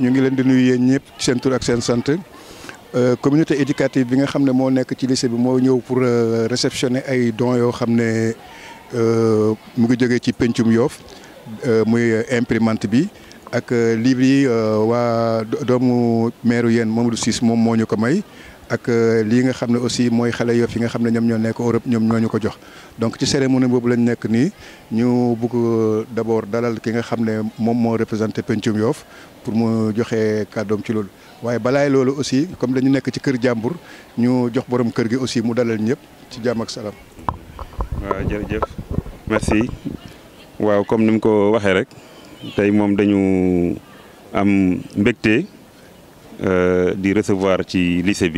ñu ngi leen di nuyu yéen ñëpp seen tur ak seen sant euh, communauté éducative bi nga xam ne moo nekk ci lycée bi moo ñëw pour euh, réceptionner ay dons yoo xam ne euh, mu ngi jóge ci pencum yoof muy imprimante bi ak livre yi waa doomu meeru yéen Mamadou Ciss moom moo ñu ko may ak euh, lii nga xam ne aussi mooy xale Yoff yi nga xam ne ñoom ñoo nekk Europe ñoom ñoo ñu ko jox donc ci cérémonie boobu lañ nekk nii ñu bugg euh, d'abord dalal ki nga xam ne moom moo représenté pencum Yoff pour mu joxe kàddoom ci loolu waaye balaay loolu aussi comme dañu nekk ci kër jàmbur ñu jox borom kër gi aussi mu dalal ñëpp ci jàmm ak salaam. waaw jërëjëf merci comme ni mu ko waxee rek tey moom dañu am mbégte. Euh, de recevoir ci lycée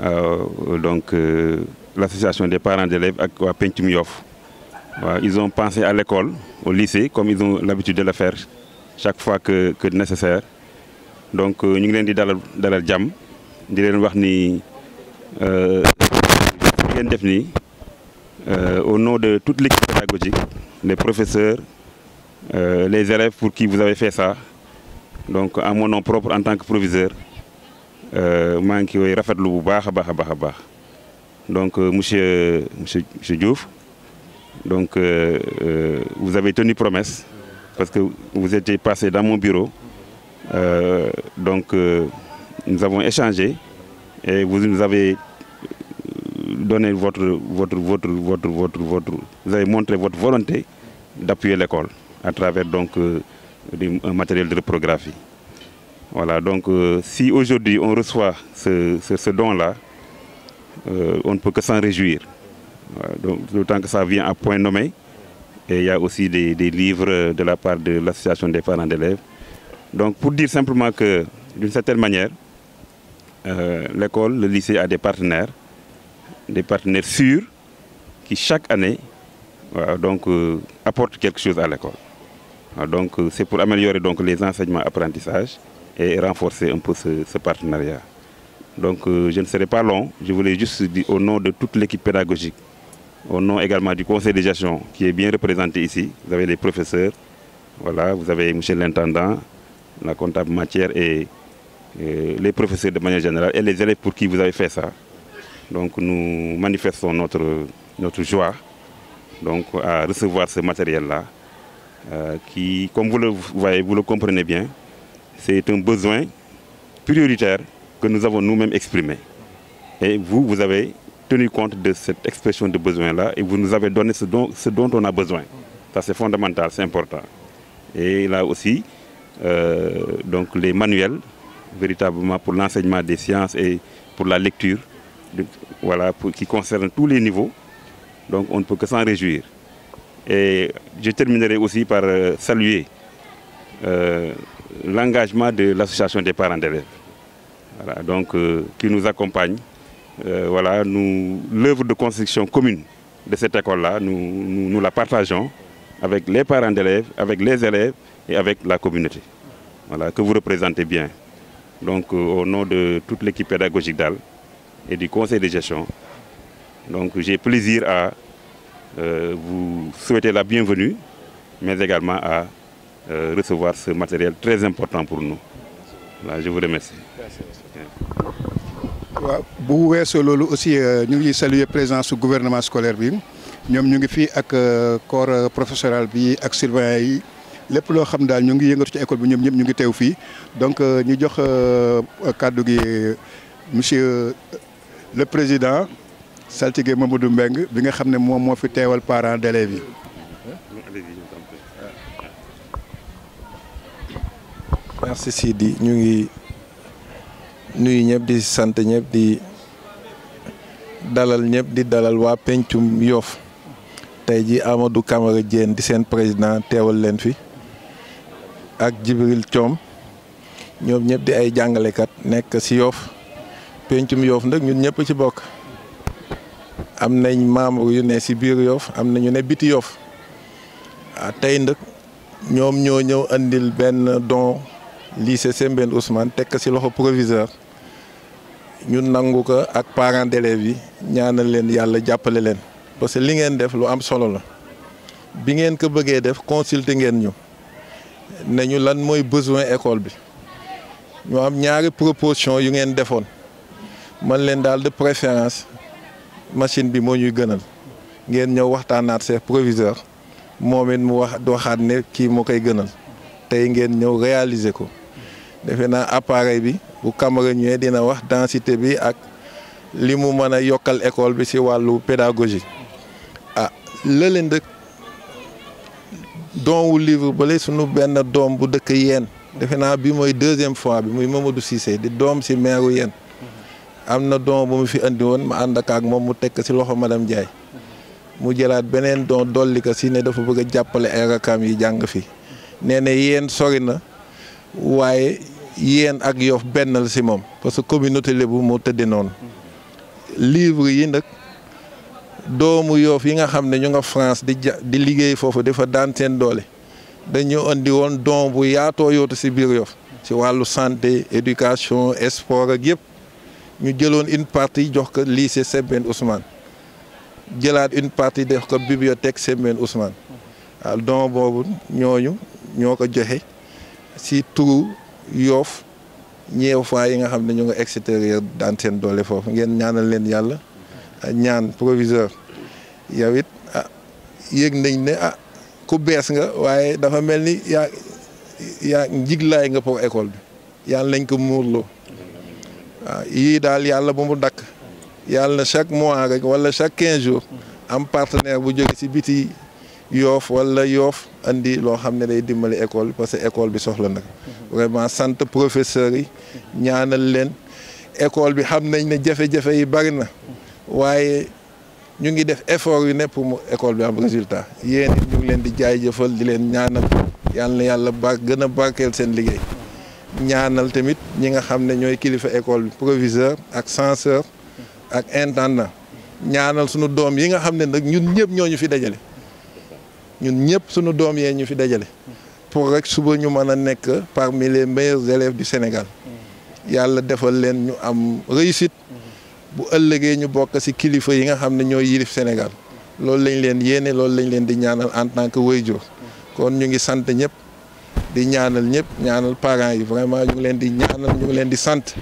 euh, donc euh, l'association des parents d'élèves à waa ils ont pensé à l'école au lycée comme ils ont l'habitude de le faire chaque fois que nécessaire donc nous ngi leen di dalal jam de di ni au nom de toute l'équipe pédagogique les professeurs les élèves pour qui vous avez fait ça donc à mon nom propre en tant que proviseur euh, donc monsieur monsieur Diouf donc euh, euh, vous avez tenu promesse parce que vous étiez passé dans mon bureau donc nous avons échangé et vous nous avez donné votre votre votre votre votre votre vous avez montré votre volonté d'appuyer l'école à travers donc du matériel de reprographie. Voilà, donc euh, si aujourd'hui on reçoit ce, don-là, euh, on ne peut que s'en réjouir. donc, d'autant que ça vient à point nommé. Et il y a aussi des, livres de la part de l'association des parents d'élèves. Donc pour dire simplement que, d'une certaine manière, euh, l'école, le lycée a des partenaires, des partenaires sûrs qui chaque année donc, apportent quelque chose à l'école. Ah, euh, c'est pour améliorer les enseignements apprentissages et renforcer un peu ce, partenariat. Donc euh, je ne serai pas long, je voulais juste dire au nom de toute l'équipe pédagogique, au nom également du conseil de gestion qui est bien représenté ici, vous avez les professeurs, vous avez M. l'intendant, la comptable matière et, les professeurs de manière générale et les élèves pour qui vous avez fait ça. Donc nous manifestons notre, notre joie à recevoir ce matériel-là. Euh, qui, comme vous le voyez, vous le comprenez bien, c'est un besoin prioritaire que nous avons nous-mêmes exprimé. Et vous, vous avez tenu compte de cette expression de besoin-là et vous nous avez donné ce dont, on a besoin. Ça, c'est fondamental, c'est important. Et là aussi, euh, donc les manuels, véritablement pour l'enseignement des sciences et pour la lecture, voilà, qui concerne tous les niveaux. Donc on ne peut que s'en réjouir. Et je terminerai aussi par euh, saluer euh, l'engagement de l'association des parents d'élèves, donc, euh, qui nous accompagne. voilà, L'œuvre de construction commune de cette école-là, nous, nous, la partageons avec les parents d'élèves, avec les élèves et avec la communauté, voilà, que vous représentez bien. Donc, au nom de toute l'équipe pédagogique d'AL et du conseil de gestion, donc j'ai plaisir à euh, vous souhaiter la bienvenue, mais également à euh, recevoir ce matériel très important pour nous. je vous remercie. Merci. bu weesoo loolu aussi Nous euh, ngi saluer présence du gouvernement scolaire Nous avons ñu ngi le corps professoral bi ak surveillant Les plus grands xam nous ñu ngi yëngatu ci école bi ñoom ñëpp ñu ngi donc nous avons kàddu gi monsieur le président saltige Mamadou Mbeng bi nga xam ne moom moo fi teewal parents d'élèves yi merci Sidi ñu ngi nuyu ñëpp di sant ñëpp di dalal ñëpp di dalal waa pencum Yoff tey ji Amadou Camara Diène di seen président teewal leen fi ak Jibril Thiom ñoom ñëpp di ay jàngalekat nekk si Yoff pencum yoof nag ñu ñëpp ci bokk am nañ membre yu ne si biir Yoff am nañu ne biti Yoff ah tey nag ñoom ñoo ñëw indil benn don lycée Sembène Ousmane tekk si loxo proviseur ñu nangu ko ak parents d'élèves yi ñaanal leen yàlla jàppale leen parce que li ngeen def lu am solo la bi ngeen ko bëggee def consulter ngeen ñu nañu lan mooy besoin école bi ñu am ñaari proposition yu ngeen defoon man leen daal de préférence machine bi moo ñuy gënal ngeen ñëw waxtaanaat chef proviseur moom it mu wax waxaat ne kii moo koy gënal tey ngeen ñëw réaliser ko defe naa appareil bi bu caméra ñëwee dina wax densité bi ak li mu mën a yokkal école bi ci wàllu pédagogie ah lële ndëkk doomu livre bale sunu benn doom bu dëkk yeen defe naa bi mooy deuxième fois bi muy Mamadou Cissé di doom ci meeru yeen am na don bu mu fi andi ma ànd ak moom mu tekk si loxo madame Ndiaye mu jëlaat beneen don dolli si ne dafa bëgg a jàppale ay rakam yi jàng fi nee na yéen sori na waaye yéen ak Yoff benn si moom parce que communauté lébu moo tëddee noonu livre yi nag doomu yof yi nga xam ne ñu nga France di ja di liggéey foofu dafa daan seen doole dañu andi woon don bu yaatoo yootu si biir Yoff ci wàllu santé éducation sport ak yëpp ñu jëloon une partie jox ko lycée Sembène Ousmane jëlaat une partie jox ko bibliothèque Sembène Ousmane waaw ah, don boobu ñooñu ñoo ko joxe si turu Yoff ñeew fois yi nga xam ne ñu nga extérieur daan seen doole foofu ngeen ñaanal leen yàlla ñaan proviseur yow it ah yëg nañ ne ah ku bees nga waaye dafa mel ni yaa yaa njiglaay nga pour école bi yàlla nañ ko muurloo waaw ah, yii daal yàlla bu mu dakk yàlla chaque mois rek wala chaque quinze jours am partenaire bu jóge ci biti yoof wala yoof andi loo xam ne day dimbali école bi parce que école bi soxla nag vraiment sant professeurs yi ñaanal leen école bi xam nañ ne jafe-jafe yi bari na waaye ñu ngi def effort yu ne pour mu école bi am résultat yéen ñu ngi leen di jaay jëfal di leen ñaanal yàlla na yàlla bar gën a barkeel seen liggéey ñaanal tamit ñi nga xam ne ñooy kilifa école bi proviseur ak censeur ak intendant ñaanal sunu doom yi nga xam ne nag ñun ñëpp ñoo ñu fi dajale ñun ñëpp sunu doom yee ñu fi dajale pour rek suba ñu mën a nekk parmi les meilleurs élèves du Sénégal yàlla defal leen ñu am réussite bu ëllëgee ñu bokk si kilifa yi nga xam ne ñooy yilif Sénégal loolu lañ leen yéene loolu lañ leen di ñaanal en tant que waajur kon ñu ngi sant ñëpp. di ñaanal ñëpp ñaanal parents yi vraiment ñu ngi leen di ñaanal ñu leen di sant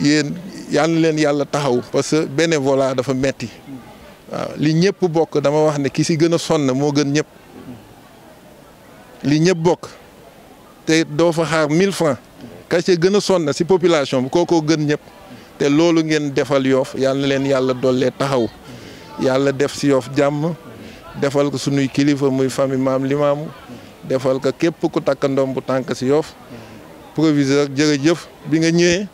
yéen yal leen yàlla taxaw parce que bénévolat dafa metti waaw li ñëpp bokk dama wax ne ki si gën a sonn moo gën ñëpp li ñëpp bokk te doo fa xaar mille francs kase gën a sonn si population bi kookoo gën ñëpp te loolu ngeen defal yoof yal leen yàlla dollee taxaw yàlla def si yoof jàmm defal ko sunuy kilifa muy famille maam limaamu defal ko képp ku takk bu tànk si yoof proviseur jërëjëf bi nga ñëwee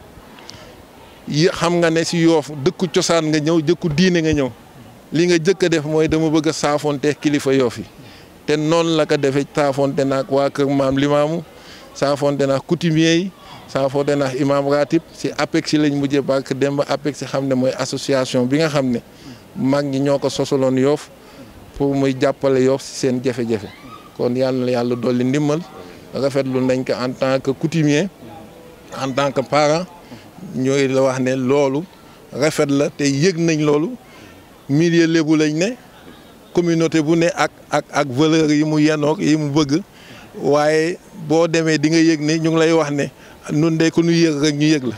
yi xam nga ne si yoof dëkku cosaan nga ñëw dëkku diine nga ñëw li nga jëkk a def mooy dama bëgg a saafonte kilifa yoof yi te noonu la ko defee saafonte naag waa kër maam limaamu saafonte naag coutumier yi saafonte naag imaam ratib si APEX lañ mujjee barke Demba si xam ne mooy association bi nga xam ne mag ñi ñoo ko sosaloon yoof pour muy jàppale yoof si seen jafe kon yàlla na yàlla dolli ndimmal rafetlu nañ ko en tant que coutumier en tant que parent ñooy la wax ne loolu rafet la te yëg nañ loolu milieu lébu lañ ne communauté bu ne ak ak ak valeur yi mu yenoog yi mu bëgg waaye boo demee di nga yëg ne ñu ngi lay wax ne nun de ku ñu yëg rek ñu yëg la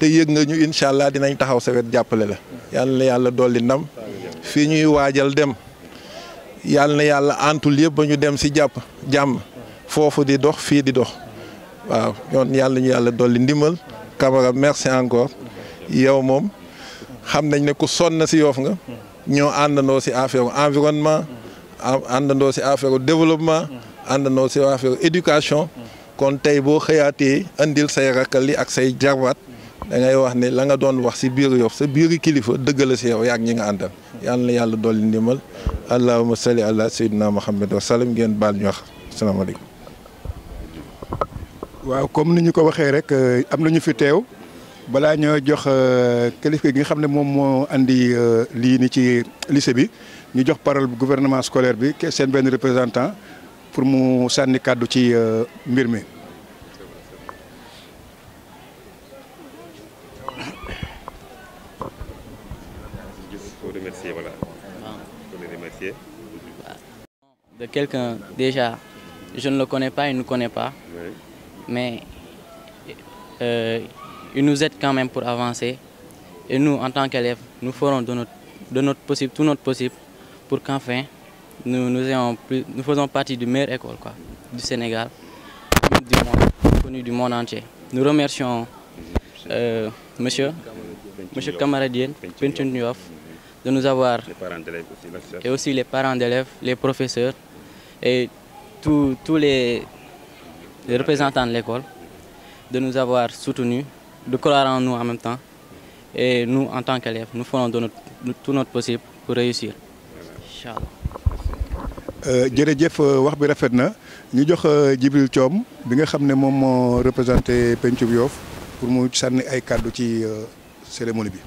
te yëg nga ñu incha allah dinañ taxaw sawet jàppale la yàlla na yàlla dolli ndam fii ñuy waajal dem yalla na yàlla antul yëpp ba ñu dem ci japp jam fofu di dox fi di dox waaw ñon yalla ñu yalla doli ndimbal Camara merci encore yow mom xam nañ ne ku sonna ci yof nga ñoo àndandoo ci affaire environnement àndandoo ci affaire développement àndandoo ci affaire éducation kon tay bo xëyaatee andil say rakali ak say jarwat da ngay wax ne la nga doon wax si biir biiru yof sa biiru kilifa dëgg la si yow yaag ñi nga àndal yàlla na yàlla dolli ndimbal allahuma salli ala sayyidina muhammad wa salam ngeen baal ñu wax asalaamaaleykum. waaw comme ni ñu ko waxee rek euh, am na ñu fi teew balaa ñoo jox euh, kilifa gi nga xam ne moom moo andi euh, lii ni ci lycée bi ñu jox parole gouvernement scolaire bi seen benn représentant pour mu sànni kàddu ci mbir mi. De quelqu'un, déjà, je ne le connais pas, il ne nous connaît pas. Mais euh, il nous aide quand même pour avancer. Et nous, en tant qu'élèves, nous ferons de notre, de notre possible, tout notre possible pour qu'enfin, nous, nous, faisons partie du meilleure école quoi, du Sénégal, du monde, du monde entier. Nous remercions euh, monsieur, monsieur Kamaradien, Pentunioff, de nous avoir. et aussi les parents d'élèves, les professeurs et tous les, représentants de l'école de nous avoir soutenus, de croire en nous en même temps. Et nous, en tant qu'élèves, nous ferons de tout notre possible pour réussir. Inch'Allah. Euh, Jerejef, euh, wax bi pour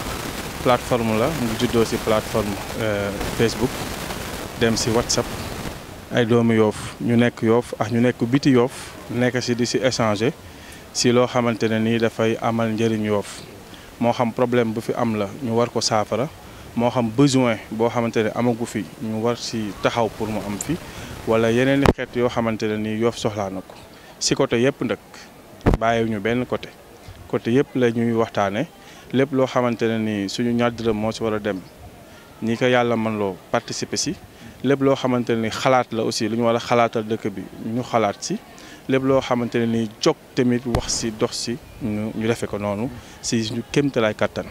Platform la mu juddoo ci platform eh, Facebook dem si WhatsApp ay doomu yof ñu nekk yof ak ñu nekk biti yof nekk si di ci échanger si lo xamantene ni da fay amal njëriñ yof mo xam problème bu fi am la ñu war ko safara mo xam besoin bo xamantene amagu fi ñu war si taxaw pour mu am fi wala yeneen xet yo xamantene ni yof soxla nako ci côté yépp si côté ñu ben côté côté yépp la ñuy waxtane lépp loo xamante ne ni suñu ñaar dërëm moo si war a dem ñi ko yàlla mën loo participer si lépp loo xamante ni xalaat la aussi lu ñu war a xalaatal dëkk bi ñu xalaat si lépp loo xamante ne ni jóg tamit wax si dox ñu ñu defe ko noonu si suñu kattan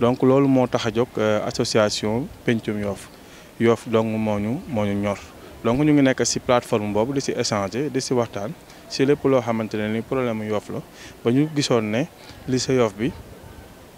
donc loolu moo tax a jóg euh, association Pencum Yoff Yoff donc moo ñu moo ñor donc ñu ngi nekk si plateforme boobu di si échanger di si waxtaan si lépp loo xamante ne ni problème Yoff la ba ñu gisoon ne lycée Yoff bi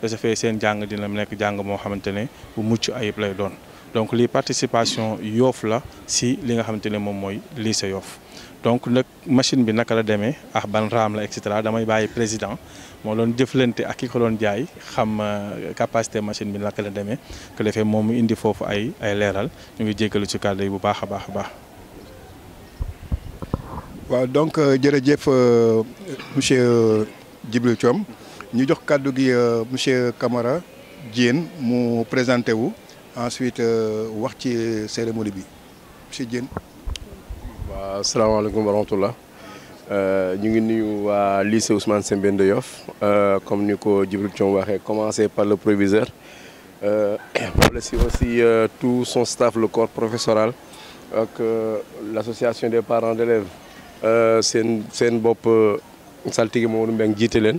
de ce fait seen jàng dina nekk jàng moo xamante ne bu mucc ayib lay doon donc lii participation Yoff la si li nga xamante ne moom mooy lycée Yoff donc nag machine bi naka la demee ah ban raam la et cetera damay bàyyi président moo doon jëflante ak ki ko doon jaay xam euh, capacité machine bi naka la demee que defee moom indi foofu ay ay leeral ñu ngi jéggalu ci kàddu yi bu baax a baax a baax. waaw donc euh, jërëjëf euh, monsieur Djibril Thiam ñu jox cadeau gi euh, monsieur Camara Diène nous présenté wu ensuite euh, wax ci cérémonie bi monsieur Diène. waaw alaikum wa rahmatullah euh, ñu ngi nuyu waa lycée Ousmane Sembène de Yoff comme nous ko Djibril Thion waxee commencé par le proviseur remercie aussi tout son staff le corps professoral ak l'association des parents d'élèves seen seen bopp saltigi Mamadou Mbengue jiite leen.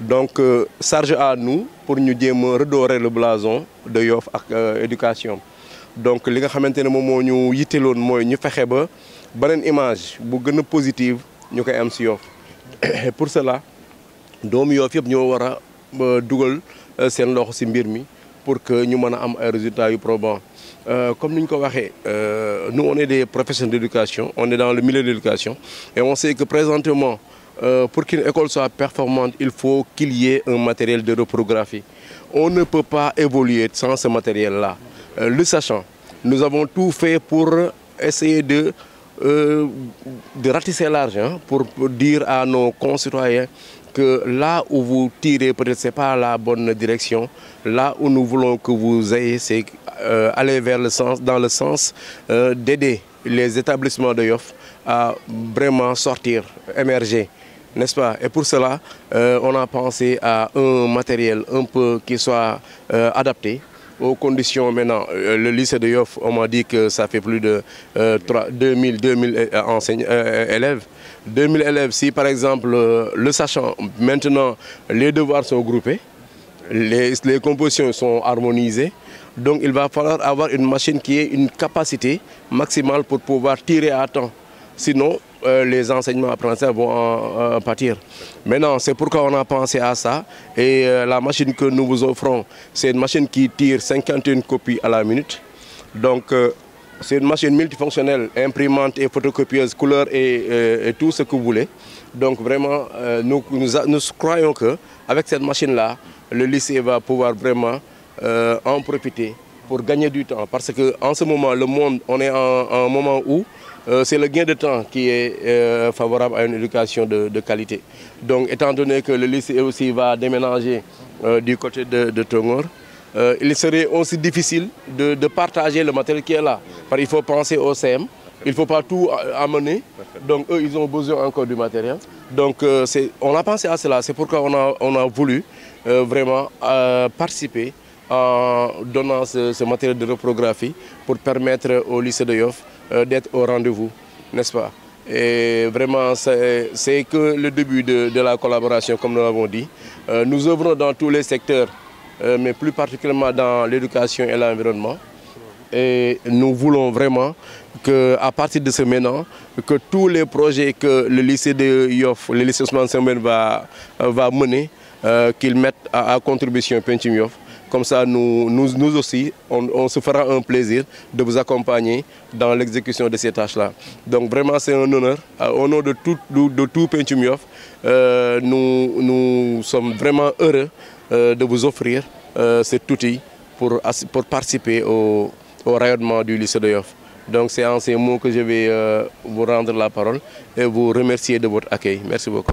donc euh, charge à nous pour nous redorer le blason de Yoff euh, éducation donc ce que nous avons fait, c'est ñu nous avons ñu une image bu positive ñu l'éducation. am pour cela nous avons nous ñoo war Google euh, pour que nous ayons un am ay résultats probants comme nous l'avons dit, nous on est des professionnels d'éducation on est dans le milieu de l'éducation et on sait que présentement euh, pour qu'une école soit performante, il faut qu'il y ait un matériel de reprographie. On ne peut pas évoluer sans ce matériel-là. Euh, le sachant, nous avons tout fait pour essayer de, euh, de ratisser l'argent, hein, pour, dire à nos concitoyens que là où vous tirez, peut-être ce n'est pas la bonne direction, là où nous voulons que vous ayez, c'est euh, aller vers le sens, dans le sens euh, d'aider les établissements de Yoff à vraiment sortir, émerger. N'est-ce pas Et pour cela, euh, on a pensé à un matériel un peu qui soit adapté aux conditions maintenant. Le lycée de Yoff, on m'a dit que ça fait plus de 2000, 2000 élèves. 2000 élèves, si par exemple le sachant, maintenant les devoirs sont groupés, les compositions sont harmonisées, donc il va falloir avoir une machine qui ait une capacité maximale pour pouvoir tirer à temps. Sinon, euh, les enseignements apprenants vont partir. Maintenant, c'est pourquoi on a pensé à ça. Et euh, la machine que nous vous offrons, c'est une machine qui tire 51 copies à la minute. Donc, euh, c'est une machine multifonctionnelle, imprimante et photocopieuse, couleur et, tout ce que vous voulez. Donc vraiment, nous, nous, nous croyons qu'avec cette machine-là, le lycée va pouvoir vraiment euh, en profiter pour gagner du temps. Parce qu'en ce moment, le monde, on est en, un moment où euh, c'est le gain de temps qui est euh, favorable à une éducation de, qualité. Donc, étant donné que le lycée aussi va déménager du côté de, de Tongor, il serait aussi difficile de, partager le matériel qui est là. Parce il faut penser au CM, il ne faut pas tout amener. Donc, eux, ils ont besoin encore du matériel. Donc, on a pensé à cela. C'est pourquoi on a, on a voulu vraiment participer en donnant ce, matériel de reprographie pour permettre au lycée de Yoff euh, d'être au rendez-vous, n'est-ce pas et vraiment, c'est que le début de, la collaboration, comme nous l'avons dit. Euh, nous œuvrons dans tous les secteurs, euh, mais plus particulièrement dans l'éducation et l'environnement. Et nous voulons vraiment qu'à partir de ce maintenant, que tous les projets que le lycée de Yoff, le lycée de saint va, va mener, qu'ils mettent à, contribution Pentium Yoff, comme ça, nous, nous, aussi, on, se fera un plaisir de vous accompagner dans l'exécution de ces tâches-là. Donc vraiment, c'est un honneur. Au nom de tout, de, tout euh, nous, sommes vraiment heureux euh, de vous offrir euh, cet outil pour, participer au, rayonnement du lycée de Yoff. Donc c'est en ces mots que je vais vous rendre la parole et vous remercier de votre accueil. Merci beaucoup.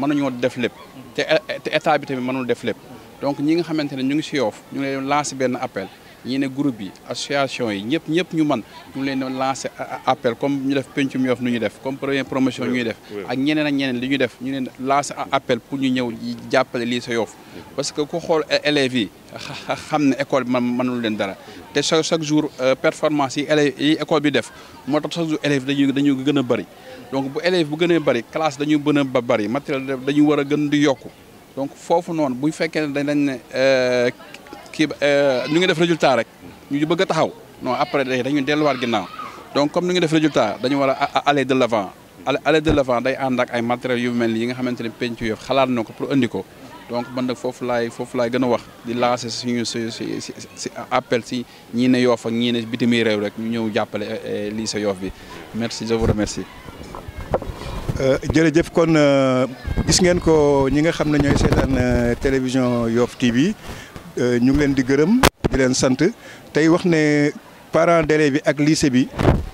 mënuñoo def lépp te état bi tamit mënul def lépp donc ñi nga xamante ne ñu ngi si yoof ñu ngi leen lancé benn appel ñu ne groupe yi association yi ñëpp ñëpp ñu man ñu leen lancé appel comme ñu def pencum Yoff nu ñu def comme première promotion ñuy def ak ñeneen ak ñeneen li ñu def ñu leen lancé appel pour ñu ñëw jàppale lii sa yoof parce que ku xool élèves yi xam ne école bi man mënul leen dara te chaque chaque jour euh, performance yi élèves yi école bi def moo tax chaque jour élèves dañu dañu gën a bëri donc bu élève bu gën a bëri classe dañu gën a bëri matériel dañu war a gën di yokku donc foofu noonu bu fekkee ne dañ ne euh, kii euh, ñu ngi def résultat rek ñu bëgg a taxaw non après dañuy delluwaat ginnaaw donc comme ñu ngi def résultat dañu war a aller de l'avant aller de l'avant day ànd ak ay matériels yu mel ni yi nga xamante ne penc yooyu xalaat na ko pour andi ko donc man foofu laay foofu laay gën a wax di lancer suñu si si si ñii ne Yoff ak ñii ne bitim réew rek ñu ñëw jàppale euh, euh, lii sa Yoff bi merci je vous remercie. jërëjëf kon gis ngeen ko ñi nga xam ne ñooy seetaan télévision Yoff TV. Euh, ñu ngi leen di gërëm di leen sant tey wax ne parents d'élèves bi ak lycée bi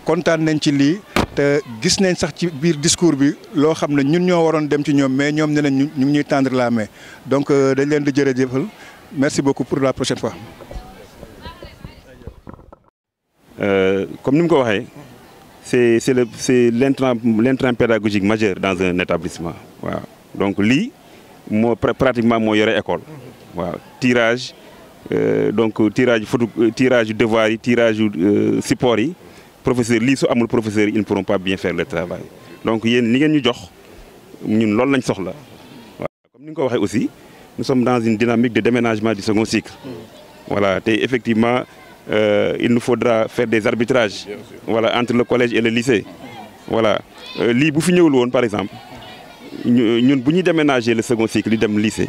kontaan nañ ci lii te gis nañ sax ci biir discours bi loo xam ne ñun ñoo waroon dem ci ñoom mais nous ne nañ ñu ñuy tendre la main donc euh, dañ leen di jërëjëfal merci beaucoup pour la prochaine fois. Euh, comme ni mu ko c'est c'est le c'est l'intrant pédagogique majeur dans un établissement waaw donc lii moo pratiquement moo yore école tirage euh, donc tirage euh, tirage devoir tirage euh, support professeur professeur ils ne pourront pas bien faire le travail donc il y ngeen ñu comme aussi nous sommes dans une dynamique de déménagement du second cycle mm. voilà effectivement il nous faudra faire des arbitrages voilà entre le collège et le lycée voilà par exemple ne bu pas déménager le second cycle du lycée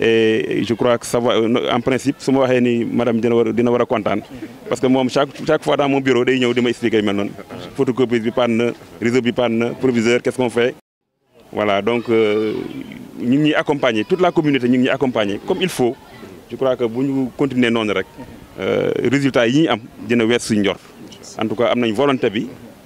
et je crois que ça va euh, en principe ce mois-ci, ni madame dina wara dina parce que moi, chaque chaque fois dans mon bureau day m'explique maintenant. expliquer mel non photocopieuse bi panne réseau bi panne proviseur qu'est-ce qu'on fait voilà donc nous nous accompagnons, accompagner toute la communauté nous nous accompagner comme il faut je crois que si nous continuer non rek euh, résultat yi ñi am dina wess suñu en tout cas am nañ volonté